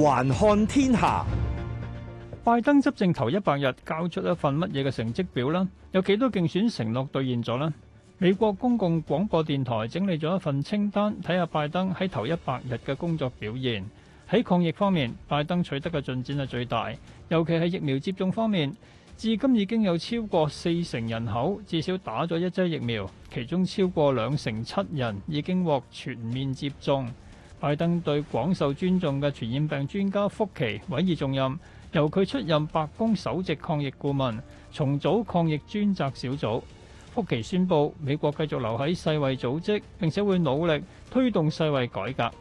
環看天下，拜登執政頭一百日，交出一份乜嘢嘅成績表啦？有幾多競選承諾兌現咗啦？美國公共廣播電台整理咗一份清單，睇下拜登喺頭一百日嘅工作表現。喺抗疫方面，拜登取得嘅進展係最大，尤其係疫苗接種方面，至今已經有超過四成人口至少打咗一劑疫苗，其中超過兩成七人已經獲全面接種。拜登對廣受尊重嘅傳染病專家福奇委以重任，由佢出任白宮首席抗疫顧問，重組抗疫專責小組。福奇宣布美國繼續留喺世衛組織，並且會努力推動世衛改革。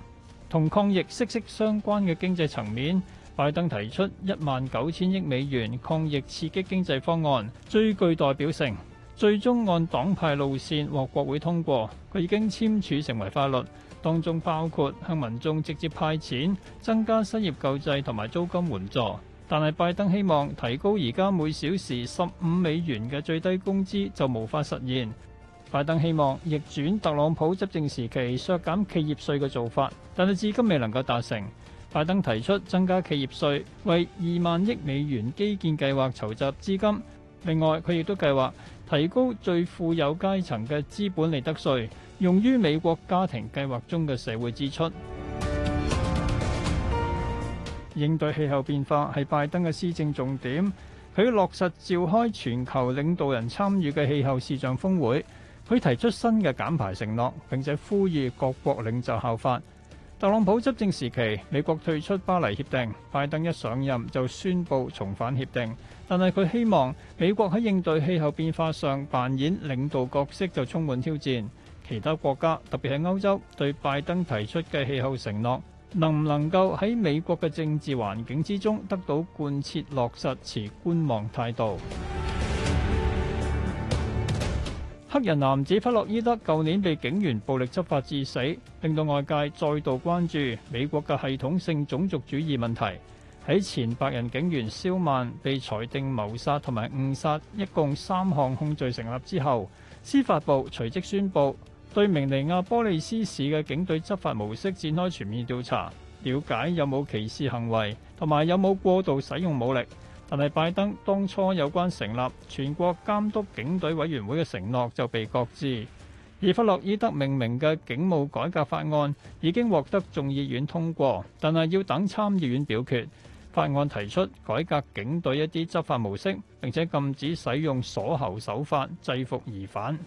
同抗疫息息相關嘅經濟層面，拜登提出一萬九千億美元抗疫刺激經濟方案，最具代表性。最終按黨派路線獲國會通過，佢已經簽署成為法律。當中包括向民眾直接派錢、增加失業救濟同埋租金援助。但係拜登希望提高而家每小時十五美元嘅最低工資就無法實現。拜登希望逆轉特朗普執政時期削減企業稅嘅做法，但係至今未能夠達成。拜登提出增加企業稅，為二萬億美元基建計劃籌集資金。另外，佢亦都計劃提高最富有階層嘅資本利得稅，用於美國家庭計劃中嘅社會支出。應對氣候變化係拜登嘅施政重點，佢落實召開全球領導人參與嘅氣候視像峰會，佢提出新嘅減排承諾，並且呼籲各國領袖效法。特朗普執政時期，美國退出巴黎協定；拜登一上任就宣布重返協定，但係佢希望美國喺應對氣候變化上扮演領導角色就充滿挑戰。其他國家特別係歐洲對拜登提出嘅氣候承諾，能唔能夠喺美國嘅政治環境之中得到貫徹落實，持觀望態度。黑人男子弗洛伊德舊年被警員暴力執法致死，令到外界再度關注美國嘅系統性種族主義問題。喺前白人警員肖曼被裁定謀殺同埋誤殺一共三項控罪成立之後，司法部隨即宣布對明尼亞波利斯市嘅警隊執法模式展開全面調查，了解有冇歧視行為同埋有冇過度使用武力。但係拜登當初有關成立全國監督警隊委員會嘅承諾就被擱置，而弗洛伊德命名嘅警務改革法案已經獲得眾議院通過，但係要等參議院表決。法案提出改革警隊一啲執法模式，並且禁止使用鎖喉手法制服疑犯。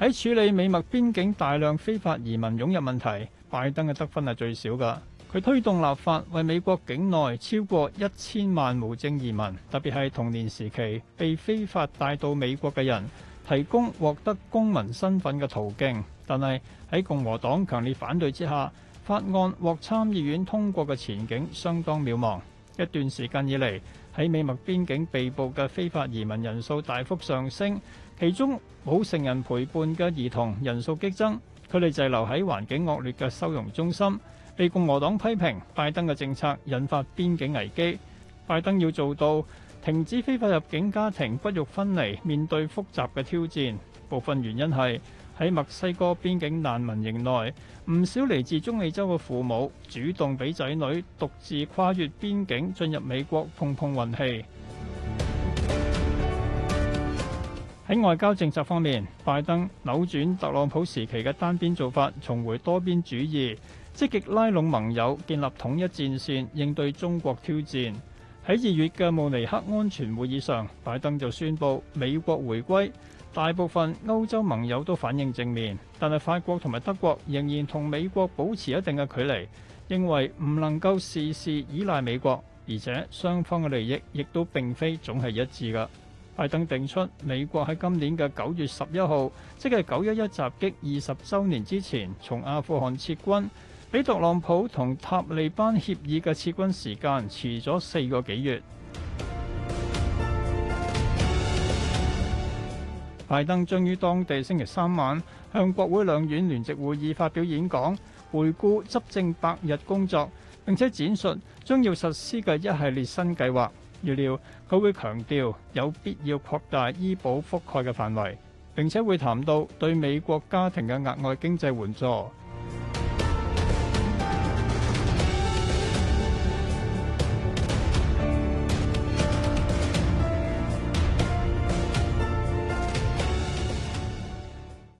喺處理美墨邊境大量非法移民湧入問題，拜登嘅得分係最少噶。佢推動立法，為美國境內超過一千萬無證移民，特別係童年時期被非法帶到美國嘅人，提供獲得公民身份嘅途徑。但係喺共和黨強烈反對之下，法案獲參議院通過嘅前景相當渺茫。一段時間以嚟，喺美墨邊境被捕嘅非法移民人數大幅上升，其中冇成人陪伴嘅兒童人數激增，佢哋滯留喺環境惡劣嘅收容中心。被共和黨批評，拜登嘅政策引發邊境危機。拜登要做到停止非法入境、家庭骨肉分離，面對複雜嘅挑戰。部分原因係喺墨西哥邊境難民營內，唔少嚟自中美洲嘅父母主動俾仔女獨自跨越邊境進入美國碰碰運氣。喺外交政策方面，拜登扭轉特朗普時期嘅單邊做法，重回多邊主義，積極拉攏盟友，建立統一戰線，應對中國挑戰。喺二月嘅慕尼黑安全會議上，拜登就宣布美國回歸，大部分歐洲盟友都反應正面。但係法國同埋德國仍然同美國保持一定嘅距離，認為唔能夠事事依賴美國，而且雙方嘅利益亦都並非總係一致嘅。拜登定出美國喺今年嘅九月十一號，即係九一一襲擊二十週年之前，從阿富汗撤軍。比特朗普同塔利班協議嘅撤軍時間遲咗四個幾月。拜登將於當地星期三晚向國會兩院聯席會議發表演講，回顧執政百日工作，並且展述將要實施嘅一系列新計劃。預料佢會強調有必要擴大醫保覆蓋嘅範圍，並且會談到對美國家庭嘅額外經濟援助。